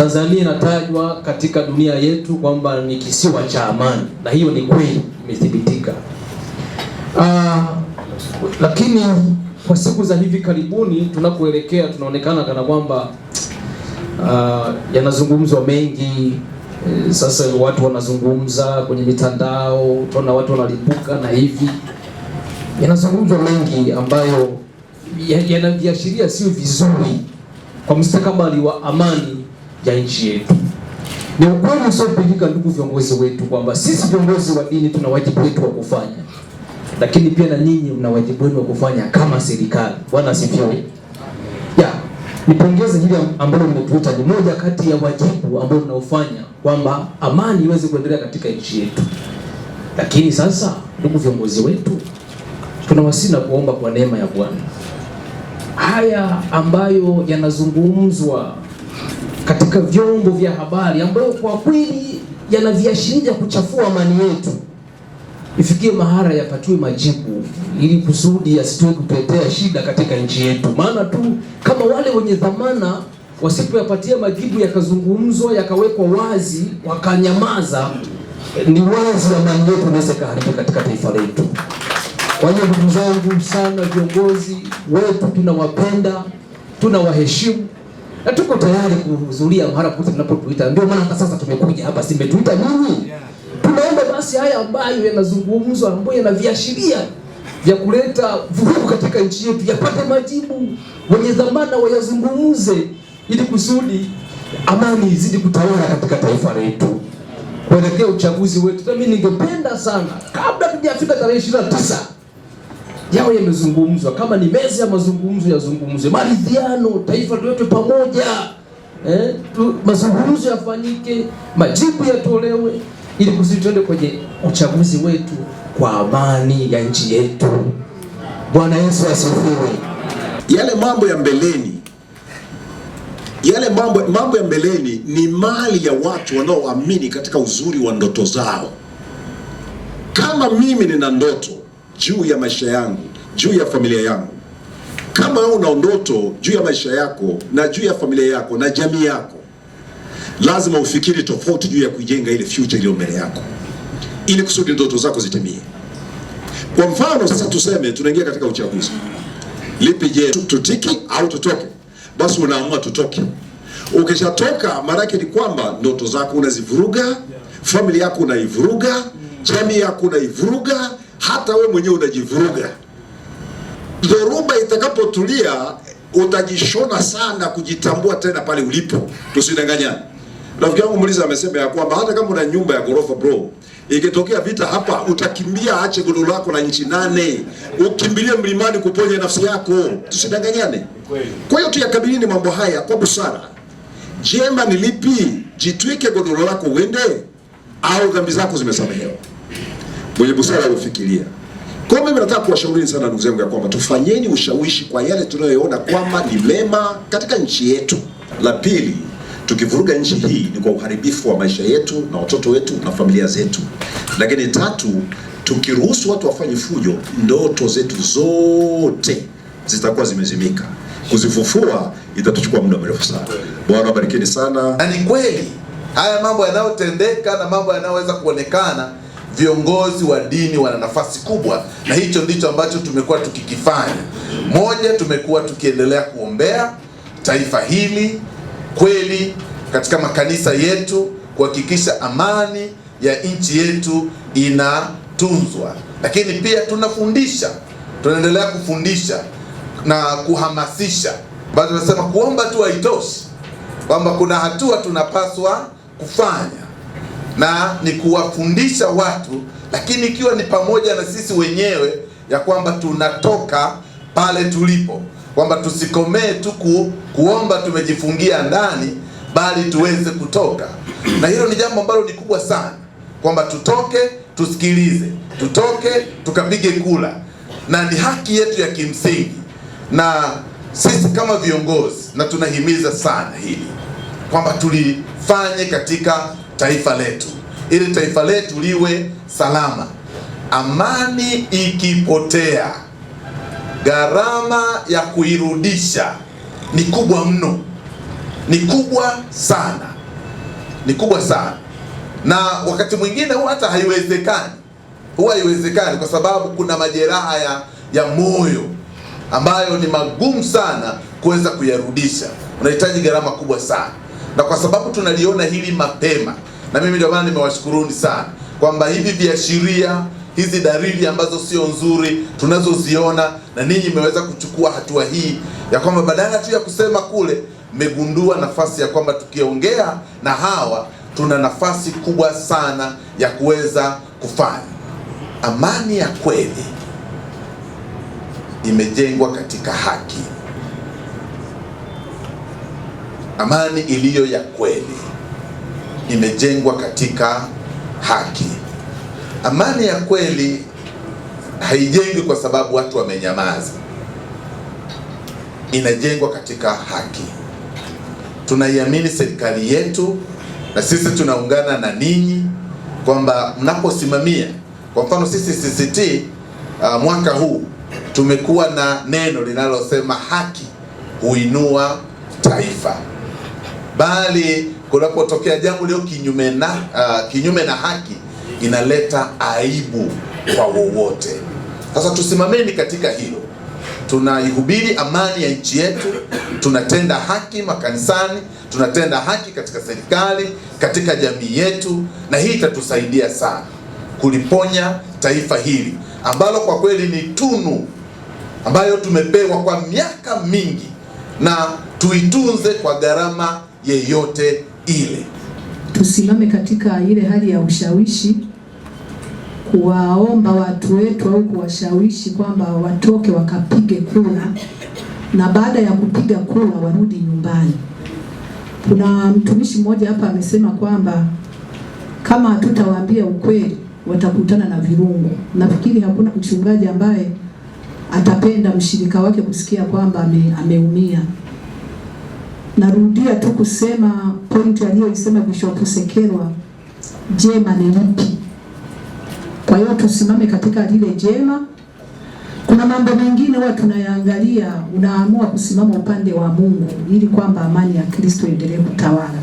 Tanzania inatajwa katika dunia yetu kwamba ni kisiwa cha amani, na hiyo ni kweli, imethibitika. Uh, lakini kwa siku za hivi karibuni tunapoelekea, tunaonekana kana kwamba uh, yanazungumzwa mengi eh, sasa watu wanazungumza kwenye mitandao, tunaona watu wanalipuka na hivi, yanazungumzwa mengi ambayo yanaviashiria sio vizuri kwa mustakabali wa amani ya nchi yetu. Ni ukweli usiopingika, ndugu viongozi wetu, kwamba sisi viongozi wa dini tuna wajibu wetu wa kufanya, lakini pia na nyinyi mna wajibu wenu wa kufanya kama serikali. Bwana asifiwe. Ya nipongeze hili ambalo mmetuita, ni moja kati ya wajibu ambao mnaofanya kwamba amani iweze kuendelea katika nchi yetu. Lakini sasa, ndugu viongozi wetu, tunawasii na kuomba kwa neema ya Bwana haya ambayo yanazungumzwa katika vyombo vya habari ambayo kwa kweli yanaviashiria kuchafua amani yetu, ifikie mahara yapatiwe majibu, ili kusudi yasitoe kutetea shida katika nchi yetu. Maana tu kama wale wenye dhamana wasipoyapatia majibu, yakazungumzwa, yakawekwa wazi, wakanyamaza, ni wazi amani yetu inaweza ikaharibika katika taifa letu. Kwa hiyo ndugu zangu sana, viongozi wetu tunawapenda, tunawaheshimu na tuko tayari kuhudhuria mahala pote mnapotuita. Ndio maana hata sasa tumekuja hapa, si mmetuita nini? Tunaomba basi haya ambayo yanazungumzwa, ambayo yanaviashiria vya kuleta vurugu katika nchi yetu yapate majibu, wenye dhamana wayazungumze, ili kusudi amani izidi kutawala katika taifa letu kuelekea uchaguzi wetu. Nami ningependa sana kabla tujafika tarehe ishirini tisa yao yamezungumzwa, kama ni meza ya mazungumzo yazungumzwe, maridhiano, taifa lote pamoja eh, tu, mazungumzo yafanyike, majibu yatolewe, ili kusudi tuende kwenye uchaguzi wetu kwa amani ya nchi yetu. Bwana Yesu asifiwe. Yale mambo ya mbeleni yale mambo, mambo ya mbeleni ni mali ya watu wanaoamini katika uzuri wa ndoto zao. Kama mimi nina ndoto juu ya maisha yangu, juu ya familia yangu. Kama una ndoto juu ya maisha yako na juu ya familia yako na jamii yako, lazima ufikiri tofauti juu ya kujenga ile future iliyo mbele yako, ili kusudi ndoto zako zitimie. Kwa mfano sasa, tuseme tunaingia katika uchaguzi, lipi je, tutiki au tutoke? Basi unaamua tutoke. Ukishatoka mara yake ni kwamba ndoto zako unazivuruga, familia yako unaivuruga, mm. jamii yako unaivuruga hata we mwenyewe unajivuruga. Dhoruba itakapotulia utajishona sana kujitambua tena pale ulipo, tusidanganyane. Rafiki yangu Muliza amesema ya kwamba hata kama una nyumba ya ghorofa bro, ikitokea vita hapa utakimbia, aache godoro lako na nchi nane ukimbilie mlimani kuponya nafsi yako, tusidanganyane. Kwa hiyo tuyakabilini mambo haya kwa busara. Jema ni lipi? Jitwike godoro lako uende, au dhambi zako zimesamehewa? mwenye busara hufikiria. Kwa mimi nataka kuwashauri sana ndugu zangu ya kwamba tufanyeni ushawishi kwa yale tunayoona kwamba ni mema katika nchi yetu. La pili, tukivuruga nchi hii ni kwa uharibifu wa maisha yetu na watoto wetu na familia zetu. Lakini tatu, tukiruhusu watu wafanye fujo, ndoto zetu zote zitakuwa zimezimika. Kuzifufua itatuchukua muda mrefu sana. Bwana abarikini sana. Na ni kweli haya mambo yanayotendeka na mambo yanayoweza kuonekana viongozi wa dini wana nafasi kubwa, na hicho ndicho ambacho tumekuwa tukikifanya. Moja, tumekuwa tukiendelea kuombea taifa hili kweli katika makanisa yetu, kuhakikisha amani ya nchi yetu inatunzwa, lakini pia tunafundisha, tunaendelea kufundisha na kuhamasisha, ambayo tunasema kuomba tu haitoshi, kwamba kuna hatua tunapaswa kufanya na ni kuwafundisha watu, lakini ikiwa ni pamoja na sisi wenyewe ya kwamba tunatoka pale tulipo, kwamba tusikomee tu kuomba tumejifungia ndani, bali tuweze kutoka. Na hilo ni jambo ambalo ni kubwa sana, kwamba tutoke tusikilize, tutoke tukapige kula, na ni haki yetu ya kimsingi na sisi kama viongozi, na tunahimiza sana hili kwamba tulifanye katika taifa letu, ili taifa letu liwe salama. Amani ikipotea, gharama ya kuirudisha ni kubwa mno, ni kubwa sana, ni kubwa sana, na wakati mwingine huwa hata haiwezekani, huwa haiwezekani kwa sababu kuna majeraha ya, ya moyo ambayo ni magumu sana kuweza kuyarudisha, unahitaji gharama kubwa sana, na kwa sababu tunaliona hili mapema na mimi ndio maana nimewashukuruni sana kwamba hivi viashiria, hizi dalili ambazo sio nzuri tunazoziona, na ninyi mmeweza kuchukua hatua hii ya kwamba badala tu ya kusema kule, mmegundua nafasi ya kwamba tukiongea na hawa tuna nafasi kubwa sana ya kuweza kufanya. Amani ya kweli imejengwa katika haki, amani iliyo ya kweli imejengwa katika haki. Amani ya kweli haijengwi kwa sababu watu wamenyamaza, inajengwa katika haki. Tunaiamini serikali yetu na sisi tunaungana na ninyi kwamba mnaposimamia, kwa mfano sisi CCT uh, mwaka huu tumekuwa na neno linalosema haki huinua taifa, bali kunapotokea jambo leo kinyume na uh, kinyume na haki inaleta aibu kwa wowote. Sasa tusimameni katika hilo, tunaihubiri amani ya nchi yetu, tunatenda haki makanisani, tunatenda haki katika serikali, katika jamii yetu, na hii itatusaidia sana kuliponya taifa hili ambalo kwa kweli ni tunu ambayo tumepewa kwa miaka mingi, na tuitunze kwa gharama yeyote ile. Tusimame katika ile hali ya ushawishi, kuwaomba watu wetu au kuwashawishi kwamba watoke wakapige kura, na baada ya kupiga kura warudi nyumbani. Kuna mtumishi mmoja hapa amesema kwamba kama hatutawaambia ukweli watakutana na virungu. Nafikiri hakuna mchungaji ambaye atapenda mshirika wake kusikia kwamba ameumia ame Narudia tu kusema point aliyoisema Bishop Sekerwa, jema ni lipi? Kwa hiyo tusimame katika lile jema. Kuna mambo mengine huwa tunayaangalia, unaamua kusimama upande wa Mungu ili kwamba amani ya Kristo iendelee kutawala.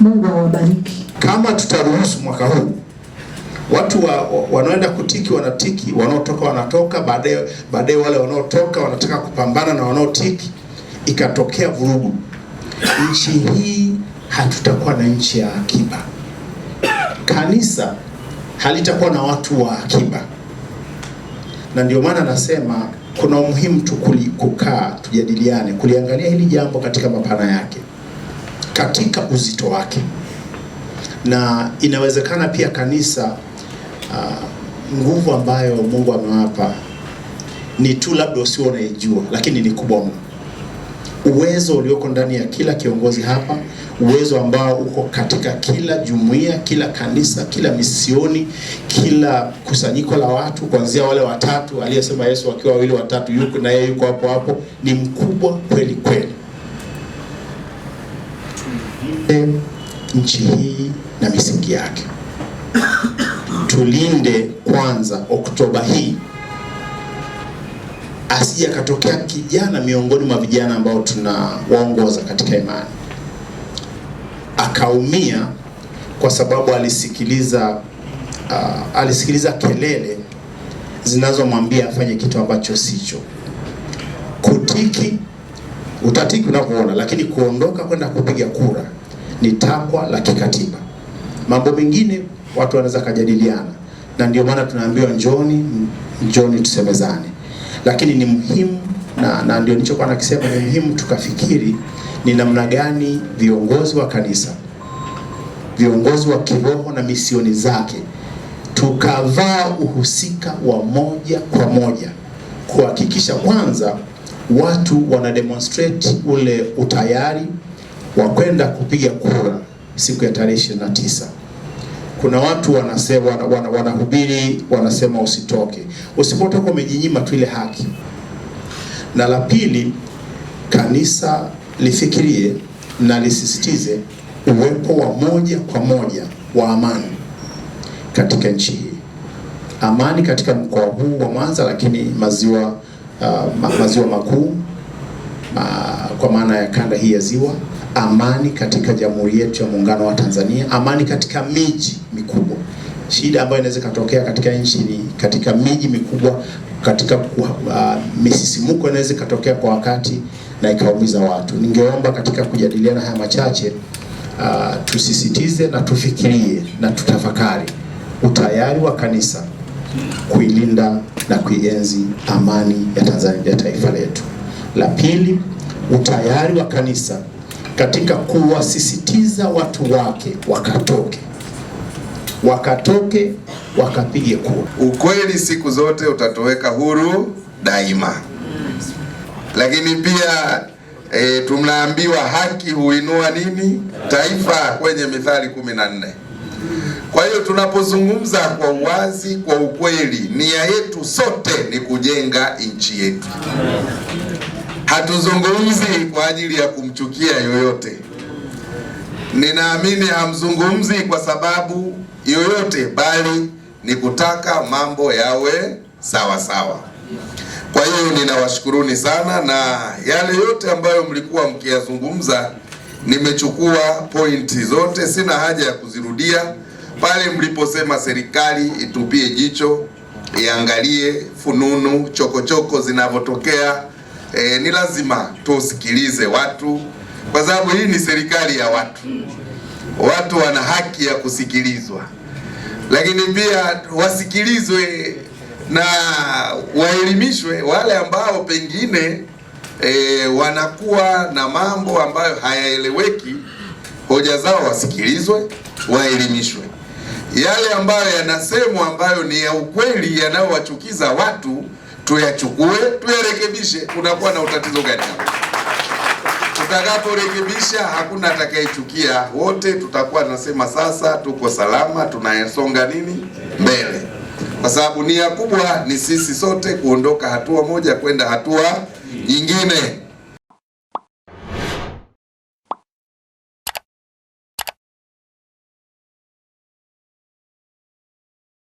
Mungu awabariki. Kama tutaruhusu mwaka huu watu wa, wa, wanaenda kutiki wanatiki, wanaotoka wanatoka, baadaye baadaye wale wanaotoka wanataka kupambana na wanaotiki, ikatokea vurugu nchi hii hatutakuwa na nchi ya akiba, kanisa halitakuwa na watu wa akiba. Na ndio maana nasema kuna umuhimu tu kukaa tujadiliane, kuliangalia hili jambo katika mapana yake, katika uzito wake, na inawezekana pia kanisa ah, nguvu ambayo Mungu amewapa ni tu labda usio unaijua, lakini ni kubwa mno uwezo ulioko ndani ya kila kiongozi hapa, uwezo ambao uko katika kila jumuiya, kila kanisa, kila misioni, kila kusanyiko la watu, kuanzia wale watatu aliyesema Yesu, wakiwa wawili watatu yuko na yeye, yuko hapo hapo, ni mkubwa kweli kweli. Tulinde nchi hii na misingi yake, tulinde kwanza Oktoba hii asije akatokea kijana miongoni mwa vijana ambao tunawaongoza katika imani akaumia kwa sababu alisikiliza uh, alisikiliza kelele zinazomwambia afanye kitu ambacho sicho. Kutiki utatiki unavyoona, lakini kuondoka kwenda kupiga kura ni takwa la kikatiba. Mambo mengine watu wanaweza kajadiliana, na ndio maana tunaambiwa njoni, njoni tusemezane lakini ni muhimu na, na ndio nilichokuwa nakisema, ni muhimu tukafikiri ni namna gani viongozi wa kanisa, viongozi wa kiroho na misioni zake tukavaa uhusika wa moja kwa moja kuhakikisha kwanza watu wana demonstrate ule utayari wa kwenda kupiga kura siku ya tarehe 29. Kuna watu wanasema, wana, wanahubiri wanasema usitoke. Usipotoka umejinyima tu ile haki. Na la pili, kanisa lifikirie na lisisitize uwepo wa moja kwa moja wa amani katika nchi hii, amani katika mkoa huu wa Mwanza, lakini maziwa uh, ma, maziwa makuu ma, kwa maana ya kanda hii ya Ziwa, amani katika Jamhuri yetu ya Muungano wa Tanzania, amani katika miji mikubwa. Shida ambayo inaweza ikatokea katika nchi ni katika miji mikubwa, katika uh, misisimuko inaweza ikatokea kwa wakati na ikaumiza watu. Ningeomba katika kujadiliana haya machache uh, tusisitize na tufikirie na tutafakari utayari wa kanisa kuilinda na kuienzi amani ya Tanzania ya taifa letu. La pili, utayari wa kanisa katika kuwasisitiza watu wake wakatoke wakatoke wakapige kura. Ukweli siku zote utatoweka huru daima, lakini pia e, tunaambiwa haki huinua nini? Taifa kwenye Mithali kumi na nne. Kwa hiyo tunapozungumza kwa uwazi, kwa ukweli, nia yetu sote ni kujenga nchi yetu. Hatuzungumzi kwa ajili ya kumchukia yoyote. Ninaamini hamzungumzi kwa sababu yoyote, bali ni kutaka mambo yawe sawa sawa. Kwa hiyo ninawashukuruni sana, na yale yote ambayo mlikuwa mkiyazungumza nimechukua pointi zote, sina haja ya kuzirudia. Pale mliposema serikali itupie jicho, iangalie fununu, chokochoko zinavyotokea, e, ni lazima tusikilize watu, kwa sababu hii ni serikali ya watu watu wana haki ya kusikilizwa, lakini pia wasikilizwe na waelimishwe wale ambao pengine e, wanakuwa na mambo ambayo hayaeleweki, hoja zao wasikilizwe, waelimishwe. Yale ambayo yanasemwa ambayo ni ya ukweli, yanayowachukiza watu tuyachukue, tuyarekebishe. Tunakuwa na utatizo gani? tutakaporekebisha hakuna atakayechukia, wote tutakuwa tunasema sasa tuko salama, tunayesonga nini mbele, kwa sababu nia kubwa ni sisi sote kuondoka hatua moja kwenda hatua nyingine.